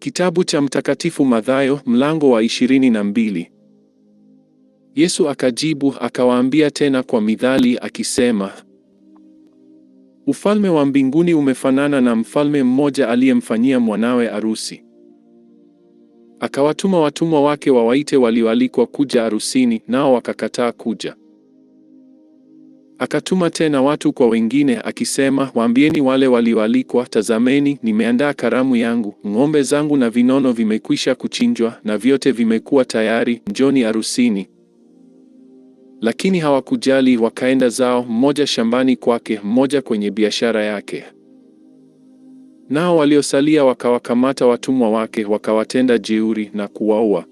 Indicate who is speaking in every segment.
Speaker 1: Kitabu cha Mtakatifu Mathayo mlango wa ishirini na mbili. Yesu akajibu akawaambia tena kwa midhali akisema, Ufalme wa mbinguni umefanana na mfalme mmoja aliyemfanyia mwanawe arusi. Akawatuma watumwa wake wawaite walioalikwa kuja arusini, nao wakakataa kuja. Akatuma tena watu kwa wengine akisema, waambieni wale walioalikwa, tazameni, nimeandaa karamu yangu, ng'ombe zangu na vinono vimekwisha kuchinjwa na vyote vimekuwa tayari, njoni harusini. Lakini hawakujali, wakaenda zao, mmoja shambani kwake, mmoja kwenye biashara yake. Nao waliosalia wakawakamata watumwa wake, wakawatenda jeuri na kuwaua.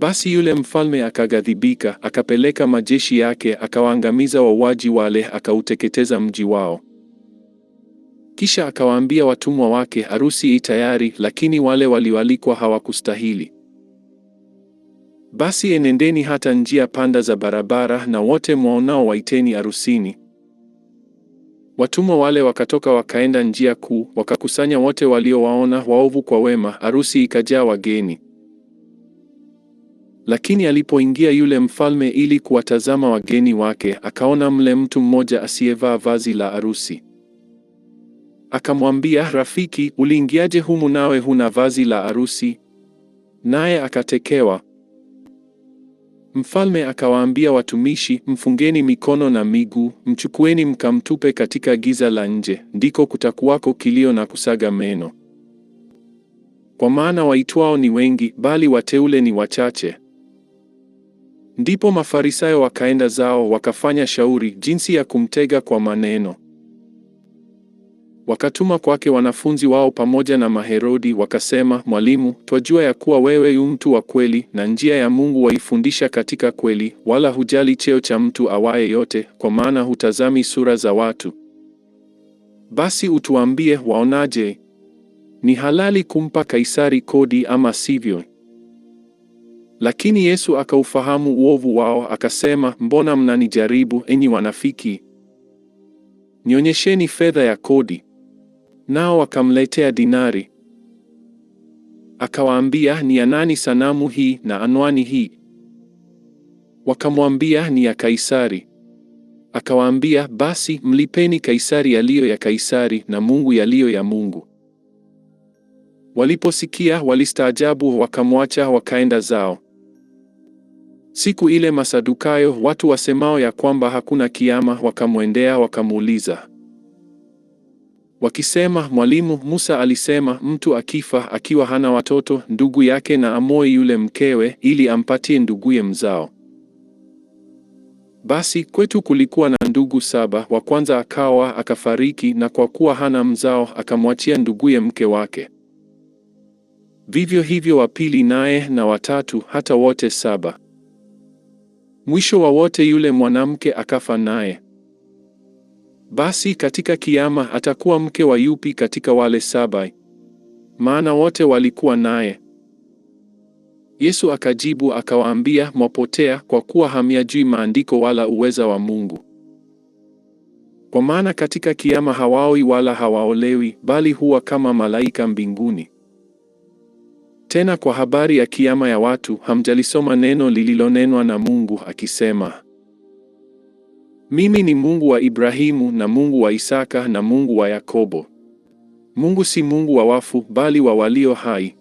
Speaker 1: Basi yule mfalme akaghadhibika, akapeleka majeshi yake, akawaangamiza wauaji wale, akauteketeza mji wao. Kisha akawaambia watumwa wake, harusi i tayari, lakini wale walioalikwa hawakustahili. Basi enendeni hata njia panda za barabara, na wote mwaonao waiteni harusini. Watumwa wale wakatoka wakaenda njia kuu, wakakusanya wote waliowaona, waovu kwa wema. Harusi ikajaa wageni. Lakini alipoingia yule mfalme ili kuwatazama wageni wake, akaona mle mtu mmoja asiyevaa vazi la arusi. Akamwambia, rafiki, uliingiaje humu nawe huna vazi la arusi? Naye akatekewa. Mfalme akawaambia watumishi, mfungeni mikono na miguu, mchukueni mkamtupe katika giza la nje, ndiko kutakuwako kilio na kusaga meno. Kwa maana waitwao ni wengi, bali wateule ni wachache. Ndipo Mafarisayo wakaenda zao wakafanya shauri jinsi ya kumtega kwa maneno. Wakatuma kwake wanafunzi wao pamoja na Maherodi wakasema, Mwalimu, twajua ya kuwa wewe yu mtu wa kweli na njia ya Mungu waifundisha katika kweli, wala hujali cheo cha mtu awaye yote, kwa maana hutazami sura za watu. Basi utuambie, waonaje? Ni halali kumpa Kaisari kodi ama sivyo? Lakini Yesu akaufahamu uovu wao, akasema, mbona mnanijaribu, enyi wanafiki? Nionyesheni fedha ya kodi. Nao wakamletea dinari. Akawaambia, ni ya nani sanamu hii na anwani hii? Wakamwambia, ni ya Kaisari. Akawaambia, basi mlipeni Kaisari yaliyo ya Kaisari na Mungu yaliyo ya Mungu. Waliposikia walistaajabu, wakamwacha wakaenda zao. Siku ile Masadukayo, watu wasemao ya kwamba hakuna kiama, wakamwendea wakamuuliza wakisema, Mwalimu, Musa alisema mtu akifa akiwa hana watoto, ndugu yake na amoi yule mkewe, ili ampatie nduguye mzao. Basi kwetu kulikuwa na ndugu saba. Wa kwanza akawa akafariki, na kwa kuwa hana mzao, akamwachia nduguye mke wake. Vivyo hivyo wa pili naye, na watatu, hata wote saba. Mwisho wa wote yule mwanamke akafa naye. Basi katika kiama atakuwa mke wa yupi katika wale saba? Maana wote walikuwa naye. Yesu akajibu akawaambia, mwapotea kwa kuwa hamyajui maandiko wala uweza wa Mungu. Kwa maana katika kiama hawaoi wala hawaolewi, bali huwa kama malaika mbinguni. Tena kwa habari ya kiama ya watu, hamjalisoma neno lililonenwa na Mungu akisema, mimi ni Mungu wa Ibrahimu na Mungu wa Isaka na Mungu wa Yakobo. Mungu si Mungu wa wafu, bali wa walio hai.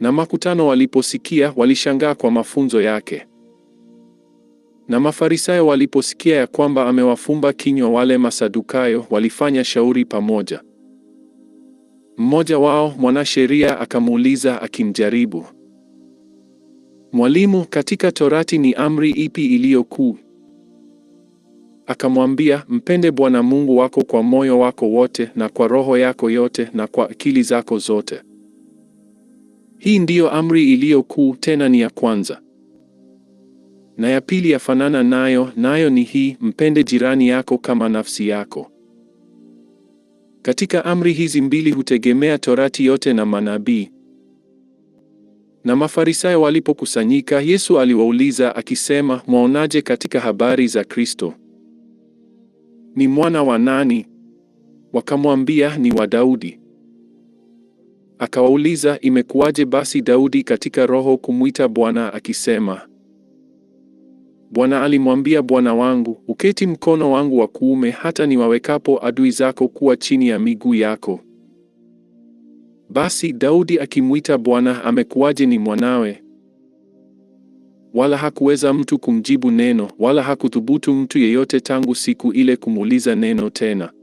Speaker 1: Na makutano waliposikia, walishangaa kwa mafunzo yake. Na Mafarisayo waliposikia ya kwamba amewafumba kinywa wale Masadukayo, walifanya shauri pamoja. Mmoja wao mwanasheria akamuuliza akimjaribu, Mwalimu, katika Torati ni amri ipi iliyo kuu? Akamwambia, mpende Bwana Mungu wako kwa moyo wako wote na kwa roho yako yote na kwa akili zako zote. Hii ndiyo amri iliyo kuu, tena ni ya kwanza. Na ya pili yafanana nayo, nayo ni hii, mpende jirani yako kama nafsi yako. Katika amri hizi mbili hutegemea Torati yote na manabii. Na Mafarisayo walipokusanyika, Yesu aliwauliza akisema, mwaonaje katika habari za Kristo? Ni mwana wa nani? Wakamwambia, ni wa Daudi. Akawauliza, imekuwaje basi Daudi katika roho kumwita Bwana akisema Bwana alimwambia Bwana wangu, uketi mkono wangu wa kuume hata niwawekapo adui zako kuwa chini ya miguu yako. Basi Daudi akimwita Bwana, amekuwaje ni mwanawe? Wala hakuweza mtu kumjibu neno, wala hakuthubutu mtu yeyote tangu siku ile kumuuliza neno tena.